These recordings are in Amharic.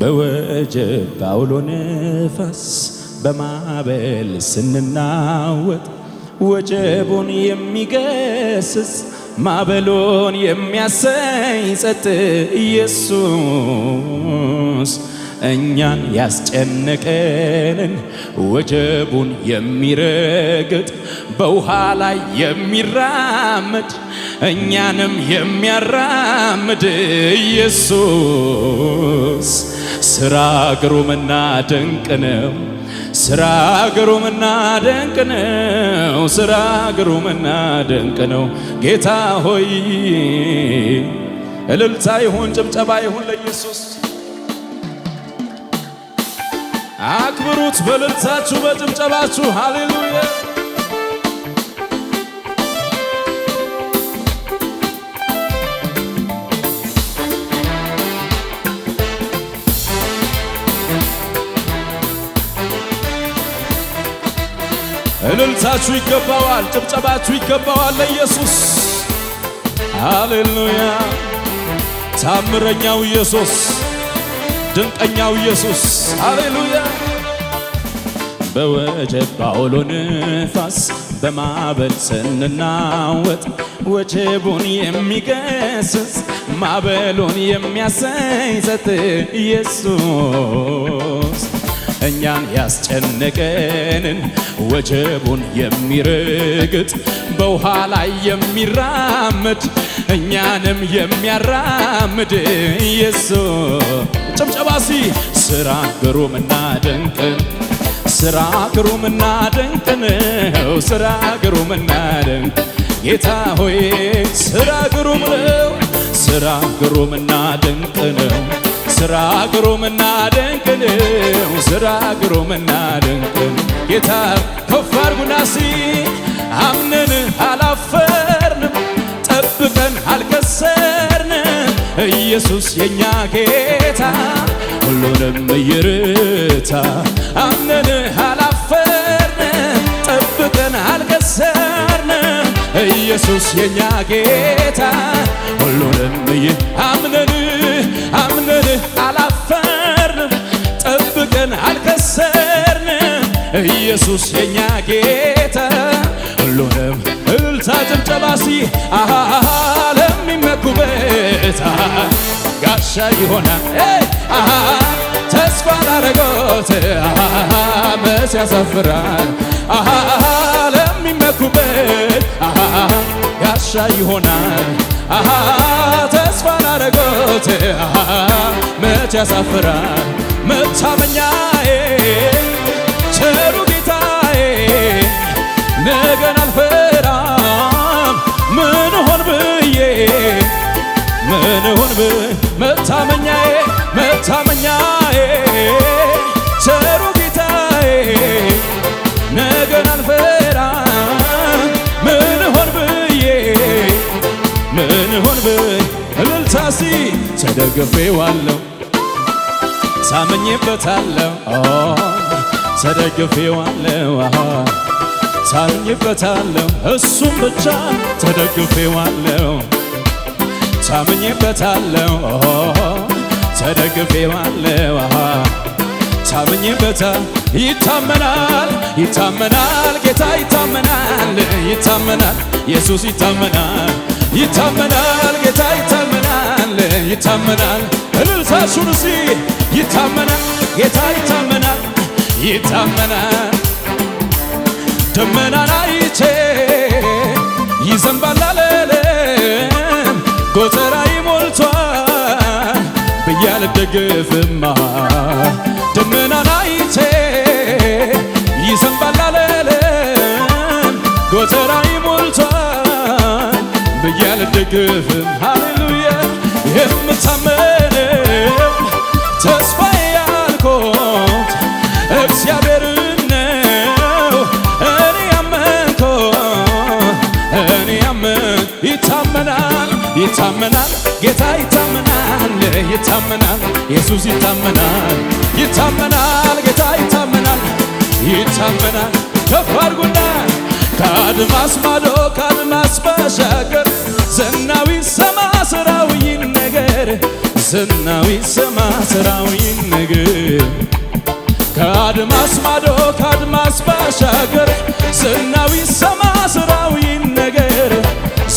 በወጀብ በአውሎ ነፋስ በማዕበል ስንናወጥ ወጀቡን የሚገስስ ማዕበሉን የሚያሰኝ ጸጥ ኢየሱስ እኛን ያስጨነቀንን ወጀቡን የሚረግጥ በውሃ ላይ የሚራመድ እኛንም የሚያራምድ ኢየሱስ ስራ ግሩምና ድንቅ ነው። ስራ ግሩምና ድንቅ ነው። ስራ ግሩምና ድንቅ ነው። ጌታ ሆይ እልልታ ይሁን፣ ጭብጨባ ይሁን ለኢየሱስ። አክብሩት በእልልታችሁ በጭብጨባችሁ። ሃሌሉያ እልልታችሁ ይገባዋል፣ ጭብጨባችሁ ይገባዋል ለኢየሱስ። ሃሌሉያ! ታምረኛው ኢየሱስ፣ ድንቀኛው ኢየሱስ። አሌሉያ በወጀብ ባውሎ ንፋስ በማዕበል ስንናወጥ ወጀቡን የሚገስጽ ማዕበሉን የሚያሰይሰት ኢየሱስ እኛን ያስጨነቀንን ወጀቡን የሚረግጥ በውሃ ላይ የሚራመድ እኛንም የሚያራምድ ኢየሱ ጨብጨባሲ ስራ ግሩምና ድንቅን ስራ ግሩምና ድንቅ ስራ ግሩምና ድንቅ ጌታ ሆይ ስራ ግሩም ነው። ስራ ግሩምና ድንቅ ነው። ስራ ግሩምና ድንቅ ነው። ስራ ግሩምና ድንቅ ነው። ጌታ ከፍ አርጉና ሲ አምነን አላፈርንም፣ ጠብቀን አልከሰርንም። ኢየሱስ የኛ ጌታ ሁሉንም ይርታ። አምነን አላፈርንም፣ ጠብቀን አልከሰርንም። ኢየሱስ የእኛ ጌታ ሁሉንም አምነን አምነን ኢየሱስ የኛ ጌታ ሁሉንም እልልታ ጭብጨባሲ ዓለም የሚመኩበት ጋሻ ይሆናል ተስፋ ላረጎት መስ ያሳፍራል ዓለም ጋሻ ይሆናል ተስፋ ላረጎት መች ያሳፍራል መታመኛዬ ቸሩ ጌታዬ ነገን አልፈራም። ምን ሆን ብዬ ምን ሆን መታመኛዬ መታመኛዬ ቸሩ ጌታዬ ነገን አልፈራም። ምን ሆን ብዬ ምን ሆን ብ እልልታሲ ተደግፌዋለሁ ታመኝበታለሁ ተደግፌዋለው ታምኜበታለው እሱም ብቻ ተደግፌዋለው ታምኜበታለው ተደግፌዋለው ታምኜበታ ይታመናል ይታመናል ጌታ ይታመናል ይታመናል ኢየሱስ ይታመናል ይታመናል ጌታ ይታመናል ይታመናል እልልታሱን ሲ ይታመናል ጌታ ይታመናል ይታመናል። ደመናን አይቼ ይዘንባል አላለም ጎተራዬ ሞልቷል ብዬ አልደገፍማ። ደመናን አይቼ ይዘንባል አላለም ጎተራዬ ሞልቷል ብዬ አልደገፍም። ሃሌሉያ የምታመነው ይታመናል፣ ጌታ ይታመናል፣ ይታመናል፣ ኢየሱስ ይታመናል፣ ይታመናል፣ ጌታ ይታመናል፣ ይታመናል። ከፍ ከአድማስ ማዶ ከአድማስ ባሻገር ዘናዊ ሰማ ስራው ነገር ዘናዊ ሰማ ስራው ነገር ከአድማስ ማዶ ከአድማስ ባሻገር ዘናዊ ሰማ ስራው ነገር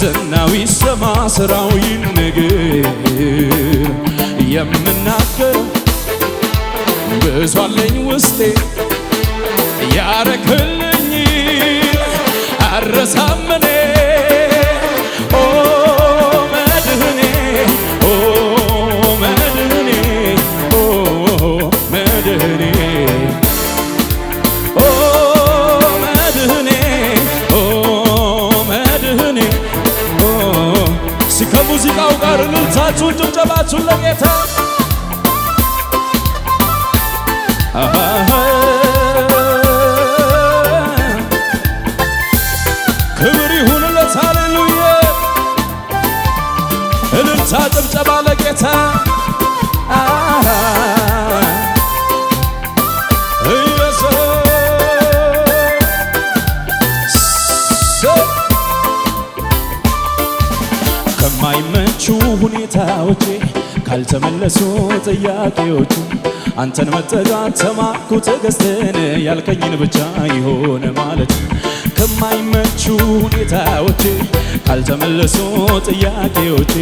ስናዊ ሰማ ስራው ይነገር የምናገረው ብዙ አለኝ ውስጤ ያረክልኝ አረሳመነ እልልታችሁን ጭብጨባችሁን ለጌታ ክብር ይሁንለት። ሃሌሉያ እልልታ ጭብጨባ ለጌታ ተመለሱ ጥያቄዎቹ አንተን መጠጋት ተማርኩ ትዕግስትን ያልከኝን ብቻ ይሆን ማለት ከማይመቹ ሁኔታዎቼ ካልተመለሱ ጥያቄዎቼ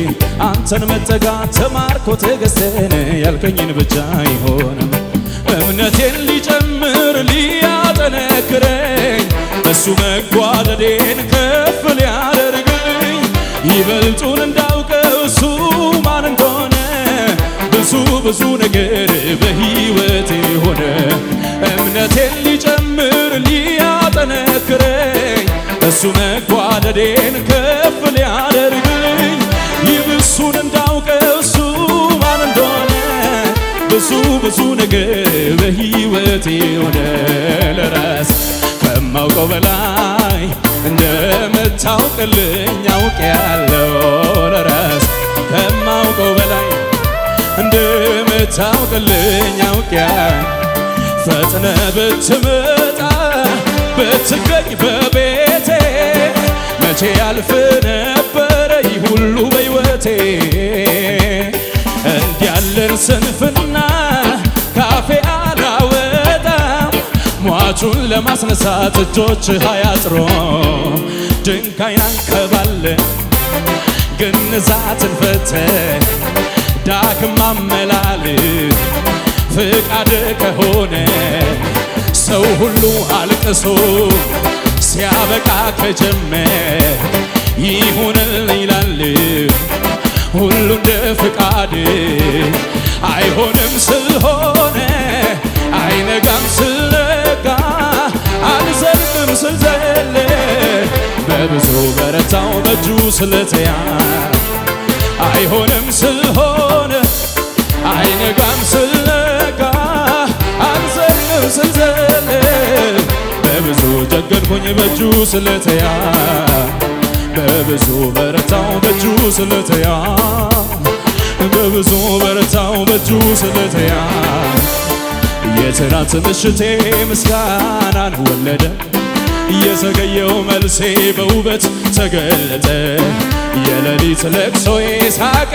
አንተን መጠጋት ተማርኩ ትዕግስትን ያልከኝን ብቻ ይሆን እምነቴን ሊጨምር ሊያጠነክረኝ እሱ መጓደዴን ከፍ ሊያደርግኝ ይበልጡን እንዳውቀው እሱ ማን ብዙ ነገር በሕይወቴ ሆነ እምነቴን ሊጨምር ሊያጠነክረኝ እሱ መጓደዴን ከፍ ሊያደርግኝ ይብሱን እንዳውቀ እሱ ማን እንደሆነ ብዙ ብዙ ነገር በሕይወቴ ሆነ ለራስ ከማውቀው በላይ እንደምታውቅልኝ አውቅ ያለው ለራስ ከማውቀው በላይ ታውቅልኝ አውቅያ ፈጥነ ብትመጣ ብትገኝ በቤቴ መቼ ያልፍ ነበረ ሁሉ በሕይወቴ እንዲያለን ስንፍና ካፌ አላወጣም ሟቹን ለማስነሳት እጆች ሀያጥሮ ድንጋይ አንከባለን ግንዛትን ፈተ ዳግም ማመላለስ ፍቃድ ከሆነ ሰው ሁሉ አልቅሶ ሲያበቃ ከጀመር ይሁንን ይላል ሁሉ እንደ ፍቃድ አይሆንም ስለሆነ አይነጋም ስለጋ አልዘልቅም ስልዘለ በብዙ በረታው በእጁ ስለተያ አይሆንም ስለሆነ አይነጋም ስነጋ አልዘልም ስንዘልም በብዙ ጀገድኩኝ በእጁ ስለተያ በብዙ በረታው በእጁ ስለተያ በብዙ በረታው በእጁ ስለተያ የትናንት ምሽቴ ምስጋናን ወለደ የዘገየው መልሴ በውበት ተገለጠ የሌሊት ለቅሶዬ ሳቀ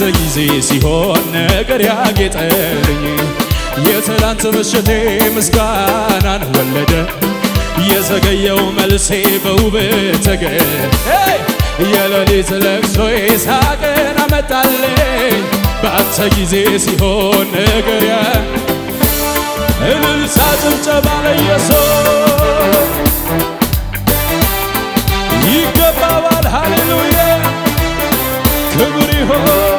ያንተ ጊዜ ሲሆን ነገር ያጌጠልኝ የትላንት ምሽቴ ምስጋናን ወለደ። የዘገየው መልሴ በውበት ተገን የሌሊት ለቅሶዬ ሳቅን አመጣልኝ በአንተ ጊዜ ሲሆን ነገር ያ እልልታ ጭብጨባ ለኢየሱስ ይገባዋል። ሃሌሉያ ክብር ይሆን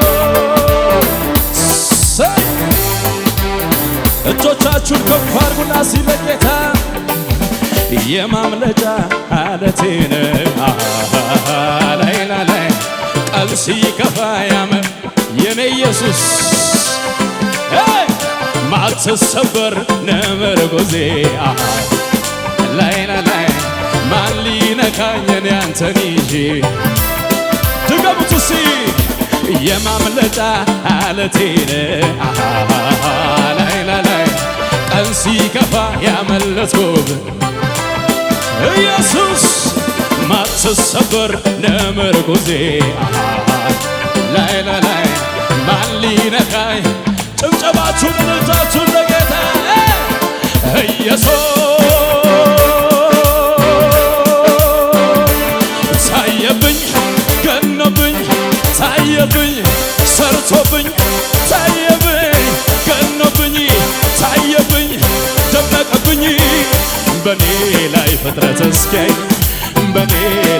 እጆቻችሁን ከፍ አድርጉና ሲለጌታ የማምለጫ አለቴን ላይና ላይ ቀል ሲከፋ ያመ የኔ ኢየሱስ ማትሰበር ነበር ጎዜ ላይ ማን ሊነካኝ ያንተን ይዤ ድገሙት የማምለጫ አለቴን ላይ ላይ ቀን ሲከፋ ያመለጥኩብ ኢየሱስ ማትሰበር ለመርኩዜ ላይ ላይ ማን ሊነካኝ ጭብጨባችሁ ምልጃችሁ ለጌታ ኢየሱስ ደርሶብኝ ታየብኝ ገኖብኝ ታየብኝ ደመቀብኝ በኔ ላይ ፍጥረት እስኪያይ በኔ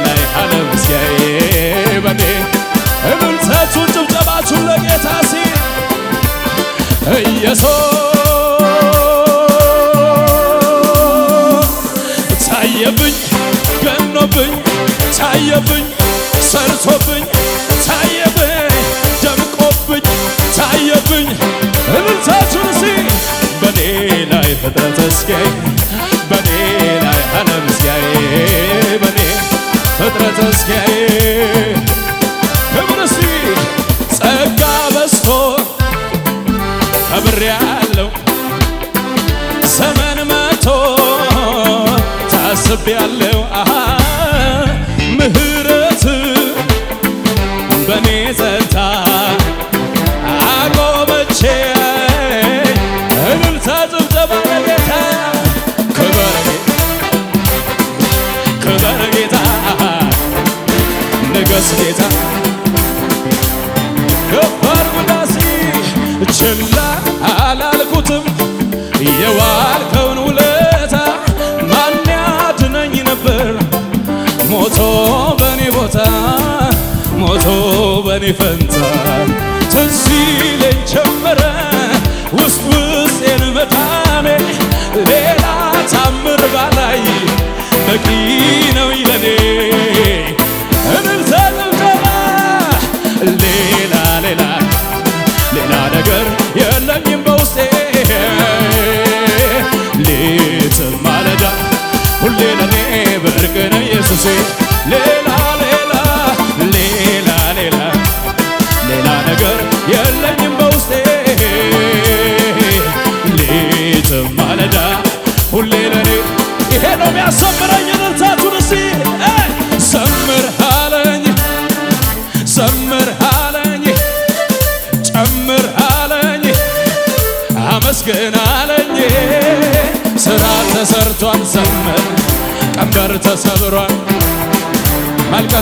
ላይ ዓለም እስኪያይ በኔ እልልታችሁን ጭብጨባችሁን ለጌታ ሲል ኢየሱስ ታየብኝ ገኖብኝ ታየብኝ ሰርቶብኝ አለኝ እልልታችሁን እስቲ በኔ ላይ ፍጥረት እስኪያይ በኔ ላይ ዓለም እስኪያይ በኔ ፍጥረት እስኪያይ ክብር ጸጋ ያለው ዘመን መቶ ታስቤ ያለው በኔ ፈንታ ትዝ ይለኝ ጀመረ ውስጥ ውስጤን መዳኔ ሌላ ታምር ባላይ በቂ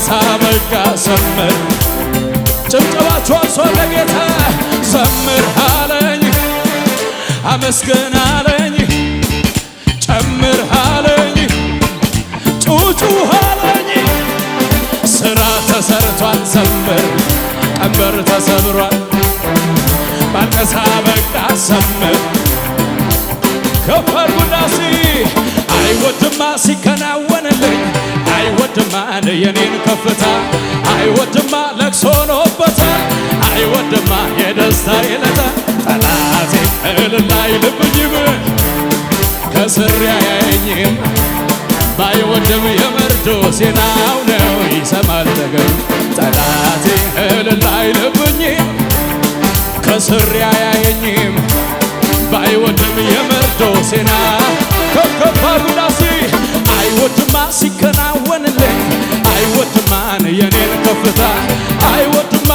ሳበቃ ሰምር ጭብጨባቸው ሶ ለጌታ ዘምር አለኝ አመስግን አለኝ ጨምር አለኝ ጩጩ አለኝ ስራ ተሰርቷል ሰምር ቀንበር ተሰብሯል ባንተ ሳበቃ ዘምር ከፈርጉዳሲ አይወድማ ሲከናወንልኝ አይወድማ የኔን ከፍታ አይወድማ ለቅሶ ሆኖበታል አይወድማ የደስታ የለታ ጠላቴ እልል አይልብኝም ከስር ያየኝም ባይወድም የመርዶ ዜናው ነው ይሰማል ነገር ጠላቴ እልል አይልብኝም ከስር ያየኝም ባይወድም የመርዶ ዜና አሉላሴ አይወድማ ሲከናወንልኝ አይወድማ የኔን ከፍታ አይወድማ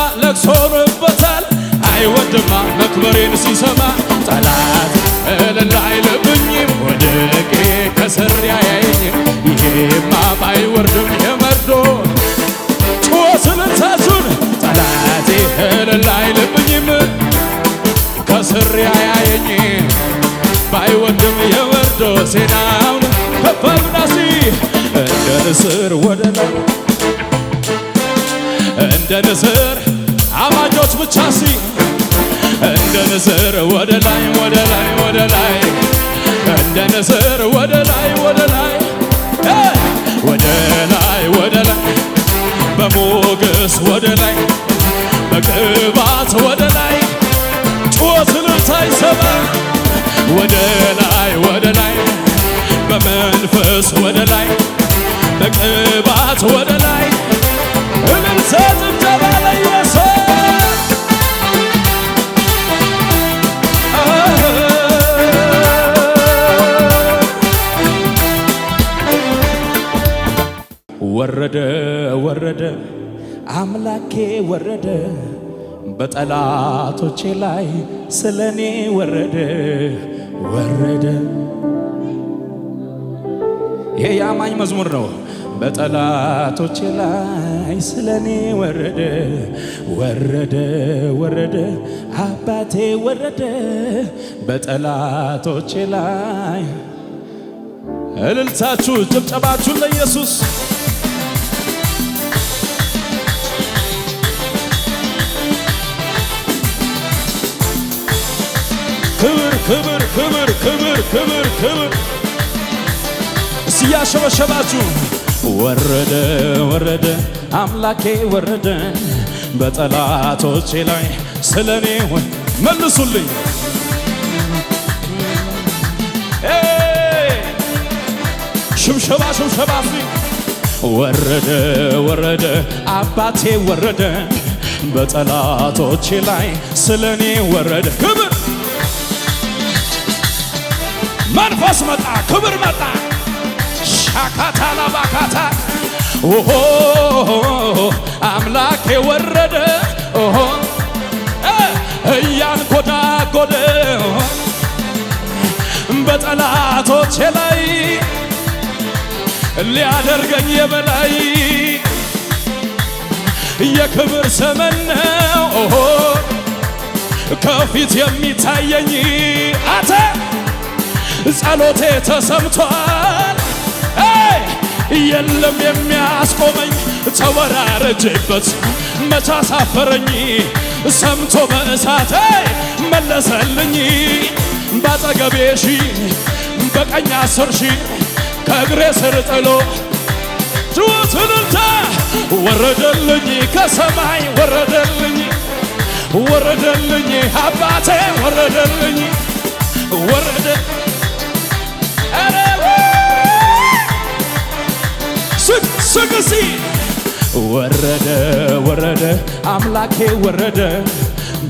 አይወድማ መክበሬን ሲሰማ ጠላት እልል አይልብኝም ወድቄ ከስር ያያየኝም ይሄማ ባይወርድም የመርዶ ጠላቴ እልል አይልብኝም ከስር ያያየኝም የመርዶ ሴና ንስር አማጆች ብቻ ሲ እንደ ንስር ወደ ላይ ወደ ላይ ወደ ላይ እንደ ንስር ወደ ላይ ወደ ላይ ወደ ላይ ወደ ላይ በሞገስ ወደ ላይ በቅባት ወደ ላይ ጩኸት እልልታ ወደ ላይ ወደ ላይ በመንፈስ ወደ ላይ በቅባት ወደ ላይ አምላኬ ወረደ በጠላቶቼ ላይ ስለኔ ወረደ ወረደ። ይሄ የአማኝ መዝሙር ነው። በጠላቶቼ ላይ ስለኔ ወረደ ወረደ ወረደ አባቴ ወረደ በጠላቶቼ ላይ እልልታችሁ ጭብጨባችሁ ለኢየሱስ ክብር ክብር ክብር ክብር ክብር እያሸበሸባችሁ ወረደ ወረደ አምላኬ ወረደ በጠላቶቼ ላይ ስለኔ ሆን መልሱልኝ ሽብሸባ ሽብሸባ ወረደ ወረደ አባቴ ወረደ በጠላቶቼ ላይ ስለኔ ወረደ ክብር መንፈስ መጣ፣ ክብር መጣ። ሻካታ ላባካታ ኦሆ አምላክ የወረደ ኦሆ እያን በጠላቶቼ ላይ ሊያደርገኝ የበላይ የክብር ዘመን ነው ከፊት የሚታየኝ አተ ጸሎቴ ተሰምቷል። የለም የሚያስቆመኝ ተወራረጀበት መቻ ሳፈረኝ ሰምቶ በእሳት መለሰልኝ ባጠገቤ ሺ በቀኝ አስር ሺ ከእግሬ ስር ጥሎ ትልልታ ወረደልኝ ከሰማይ ወረደልኝ ወረደልኝ አባቴ ወረደልኝ ወረደ ስቅ ጊዜ ወረደ ወረደ አምላኬ ወረደ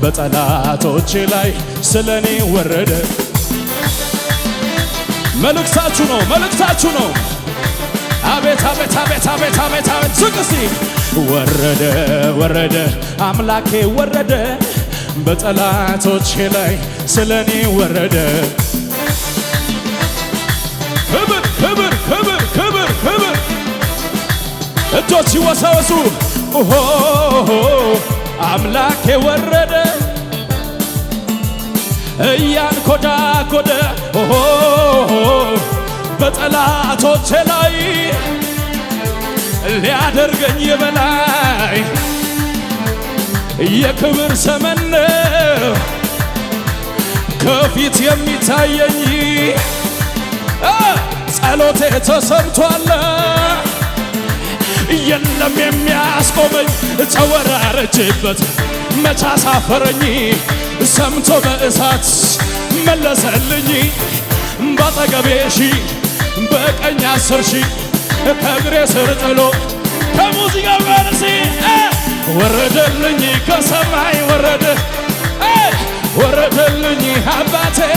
በጠላቶቼ ላይ ስለኔ ወረደ። መልእክታችሁ ነው መልእክታችሁ ነው። አቤት አቤት አቤት አቤት አቤት አቤት ዝቅ ወረደ ወረደ አምላኬ ወረደ በጠላቶቼ ላይ ስለኔ ወረደ። ክብር ክብር ክብር ክብር እጆች ይወሳወሱ። ኦሆ አምላክ የወረደ እያን ኮዳ ኮደ ኦሆ በጠላቶቼ ላይ ሊያደርገኝ የበላይ የክብር ዘመን ከፊት የሚታየኝ ጸሎቴ ተሰምቷል። የለም የሚያስቆመኝ ተወራረችበት መቻ ሳፈረኝ ሰምቶ በእሳት መለሰልኝ ባጠገቤ ሺህ በቀኝ አስር ሺህ ከእግሬ ስር ጥሎ ከሙዚቃ ጋርሲ ወረደልኝ ከሰማይ ወረደ ወረደልኝ አባቴ